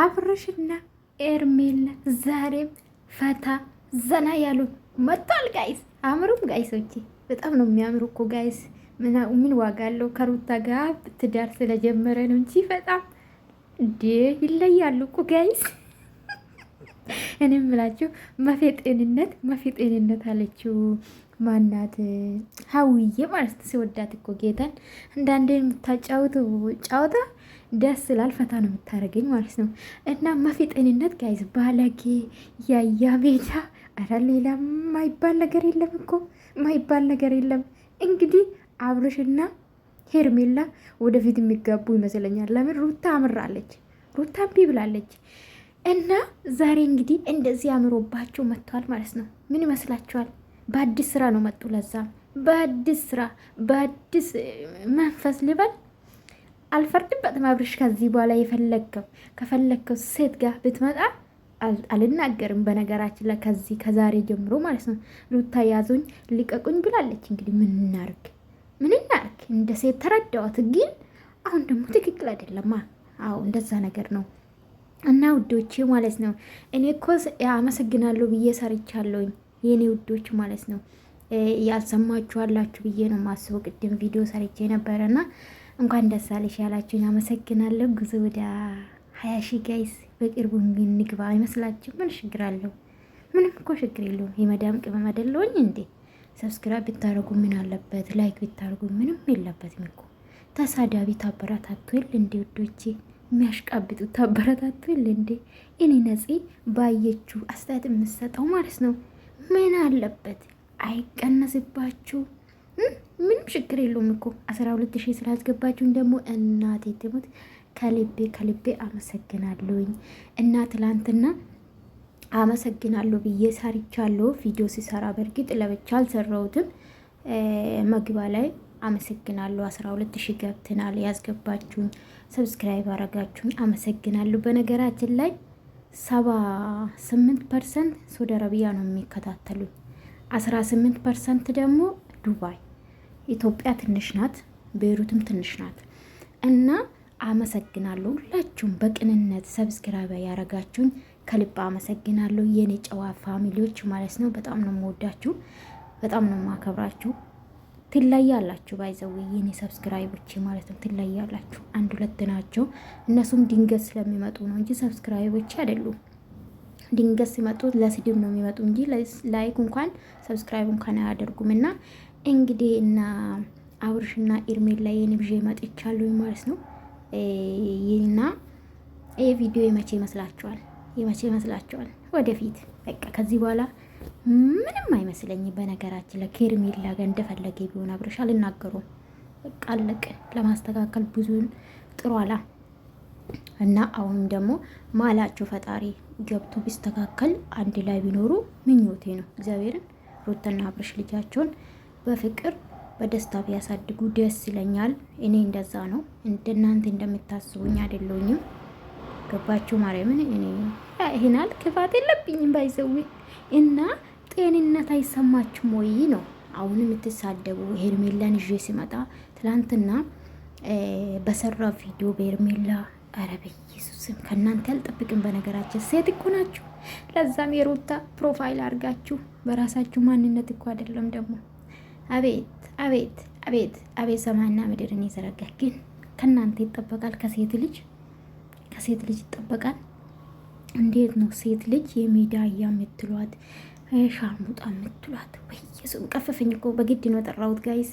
አብርሽና ኤርሜላ ዛሬም ፈታ ዘና ያሉ መጥቷል። ጋይስ አምሩም ጋይሶቼ በጣም ነው የሚያምሩ እኮ ጋይስ። ምን ዋጋ አለው ከሩታ ጋር ትዳር ስለጀመረ ነው እንጂ በጣም እንዴ ይለያሉ እኮ ጋይስ። እኔ ምላችሁ መፌ ጤንነት መፌ ጤንነት አለችው ማናት ሀውዬ ማለት ሲወዳት እኮ ጌታን እንዳንዴ የምታጫውተው ጫውታ ደስ ይላል ፈታ ነው የምታደርገኝ ማለት ነው። እና መፊጠንነት ጋይዝ ባለጌ ያያ ቤታ አረ ሌላ ማይባል ነገር የለም እኮ ማይባል ነገር የለም። እንግዲህ አብርሽና ሄርሜላ ወደፊት የሚጋቡ ይመስለኛል። ለምን ሩታ አምራለች፣ ሩታ እምቢ ብላለች። እና ዛሬ እንግዲህ እንደዚህ አምሮባቸው መጥተዋል ማለት ነው። ምን ይመስላችኋል? በአዲስ ስራ ነው መጡ። ለዛ በአዲስ ስራ በአዲስ መንፈስ ልበል አልፈርድበትም። አብርሽ ከዚህ በኋላ የፈለግከው ከፈለግከው ሴት ጋር ብትመጣ አልናገርም። በነገራችን ላይ ከዚህ ከዛሬ ጀምሮ ማለት ነው ሩታ ያዙኝ ልቀቁኝ ብላለች። እንግዲህ ምን እናርግ ምን እናርግ? እንደ ሴት ተረዳዋት፣ ግን አሁን ደግሞ ትክክል አይደለማ። አዎ እንደዛ ነገር ነው። እና ውዶቼ ማለት ነው እኔ እኮ አመሰግናለሁ ብዬ ሰርቻለሁኝ የእኔ ውዶች ማለት ነው ያልሰማችኋላችሁ ብዬ ነው ማስበው። ቅድም ቪዲዮ ሰርቼ ነበረና እንኳን ደስ አለሽ ያላችሁኝ አመሰግናለሁ። ጉዞ ወደ ሀያ ሺ ጋይስ በቅርቡ እንግባ ይመስላችሁ ምን ችግር አለው? ምንም እኮ ችግር የለውም። የመዳም ቅመም አይደለሁኝ እንዴ? ሰብስክራይብ ብታደርጉ ምን አለበት? ላይክ ብታደርጉ ምንም የለበትም እኮ። ተሳዳቢ ታበረታቱል እንዴ ውዶቼ? የሚያሽቃብጡ ታበረታቱል እንዴ? እኔ ነፂ ባየችው አስተያየት የምሰጠው ማለት ነው። ምን አለበት? አይቀነስባችሁ ችግር የለውም እኮ አስራ ሁለት ሺህ ስላስገባችሁኝ ደግሞ እናቴ ትሙት ከልቤ ከልቤ አመሰግናለሁኝ እና ትላንትና አመሰግናለሁ ብዬ ሰርቻለሁ። ቪዲዮ ሲሰራ በእርግጥ ለብቻ አልሰራሁትም። መግባ ላይ አመሰግናለሁ። አስራ ሁለት ሺህ ገብትናል። ያስገባችሁኝ፣ ሰብስክራይብ አረጋችሁኝ አመሰግናለሁ። በነገራችን ላይ ሰባ ስምንት ፐርሰንት ሳውዲ አረቢያ ነው የሚከታተሉኝ፣ አስራ ስምንት ፐርሰንት ደግሞ ዱባይ ኢትዮጵያ ትንሽ ናት፣ ቤይሩትም ትንሽ ናት እና አመሰግናለሁ ሁላችሁም በቅንነት ሰብስክራይብ ያረጋችሁኝ ከልብ አመሰግናለሁ። የኔ ጨዋ ፋሚሊዎች ማለት ነው። በጣም ነው የምወዳችሁ፣ በጣም ነው የማከብራችሁ። ትለያላችሁ ባይዘው የኔ ሰብስክራይቦች ማለት ነው። ትለያላችሁ። አንድ ሁለት ናቸው። እነሱም ድንገት ስለሚመጡ ነው እንጂ ሰብስክራይቦች አይደሉም። ድንገት ሲመጡ ለስድብ ነው የሚመጡ እንጂ ላይክ እንኳን ሰብስክራይብ እንኳን አያደርጉም እና እንግዲህ እና አብርሽና ኤርሜላ የኔ ብዤ መጥቻለሁ ማለት ነው። ይህና የቪዲዮ የመቼ ይመስላችኋል? የመቼ ይመስላችኋል? ወደፊት በቃ ከዚህ በኋላ ምንም አይመስለኝም። በነገራችን ለከኤርሜላ ጋር እንደፈለገ ቢሆን አብርሽ አልናገሩም። በቃ አለቀ። ለማስተካከል ብዙን ጥሩ አላ እና አሁንም ደግሞ ማላቸው ፈጣሪ ገብቶ ቢስተካከል አንድ ላይ ቢኖሩ ምኞቴ ነው። እግዚአብሔርን ሩትና አብርሽ ልጃቸውን በፍቅር በደስታ ቢያሳድጉ ደስ ይለኛል። እኔ እንደዛ ነው። እንደናንተ እንደምታስቡኝ አይደለሁኝም። ገባችሁ? ማርያምን እኔ ይህናል ክፋት የለብኝም። ባይዘዊ እና ጤንነት አይሰማችሁም ወይ ነው አሁን የምትሳደቡ። ሄርሜላን ይዤ ሲመጣ ትላንትና በሰራ ቪዲዮ በሄርሜላ ኧረ በኢየሱስም ከእናንተ ያልጠብቅም። በነገራችን ሴት እኮ ናችሁ። ለዛም የሩታ ፕሮፋይል አድርጋችሁ በራሳችሁ ማንነት እኮ አይደለም ደግሞ አቤት አቤት አቤት አቤት ሰማይና ምድርን የዘረጋ ግን ከእናንተ ይጠበቃል። ከሴት ልጅ ከሴት ልጅ ይጠበቃል። እንዴት ነው ሴት ልጅ የሚዳያ የምትሏት ሻርሙጣ የምትሏት? ወይ የሱም ቀፈፈኝ እኮ በግድ ነው ጠራሁት። ጋይስ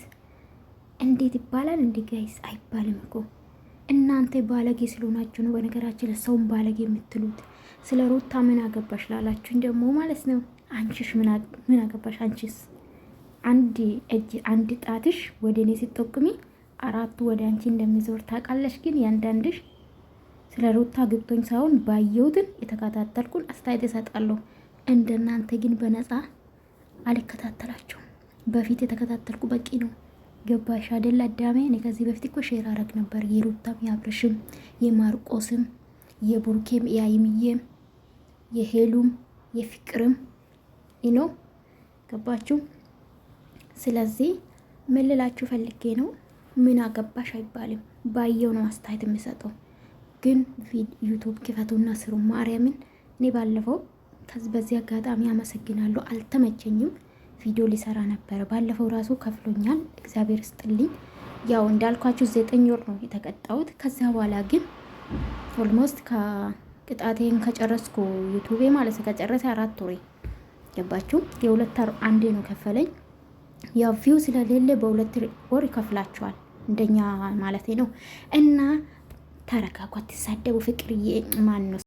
እንዴት ይባላል እንዴ ጋይስ አይባልም እኮ እናንተ ባለጌ ስለሆናችሁ ነው። በነገራችን ለሰውን ባለጌ የምትሉት ስለ ሩታ ምን አገባሽ ላላችሁኝ ደግሞ ማለት ነው አንቺሽ ምን አገባሽ አንቺስ አንድ እጅ አንድ ጣትሽ ወደ እኔ ስትጠቁሚ አራቱ ወደ አንቺ እንደሚዞር ታውቃለሽ። ግን ያንዳንድሽ ስለ ሩታ ግብቶኝ ሳይሆን ባየሁትን የተከታተልኩን አስተያየት እሰጣለሁ። እንደናንተ ግን በነፃ አልከታተላቸውም። በፊት የተከታተልኩ በቂ ነው። ገባሽ አደል አዳሜ? እኔ ከዚህ በፊት እኮ ሼር አረግ ነበር የሩታም ያብርሽም የማርቆስም የቡርኬም የአይምዬም የሄሉም የፍቅርም ይኖ ገባችሁ ስለዚህ ምን ልላችሁ ፈልጌ ነው፣ ምን አገባሽ አይባልም። ባየው ነው አስተያየት የሚሰጠው። ግን ዩቱብ ክፈቱና ስሩ። ማርያምን እኔ ባለፈው ከዚህ በዚህ አጋጣሚ አመሰግናለሁ። አልተመቸኝም፣ ቪዲዮ ሊሰራ ነበረ። ባለፈው ራሱ ከፍሎኛል፣ እግዚአብሔር ስጥልኝ። ያው እንዳልኳችሁ ዘጠኝ ወር ነው የተቀጣሁት። ከዚያ በኋላ ግን ኦልሞስት ከቅጣቴን ከጨረስኩ ዩቱቤ ማለት ከጨረሰ አራት ወሬ ገባችሁ። የሁለት አንዴ ነው ከፈለኝ ያው ቪው ስለሌለ በሁለት ወር ይከፍላቸዋል። እንደኛ ማለት ነው። እና ተረጋጓት ትሳደቡ ፍቅርዬ ማን ነው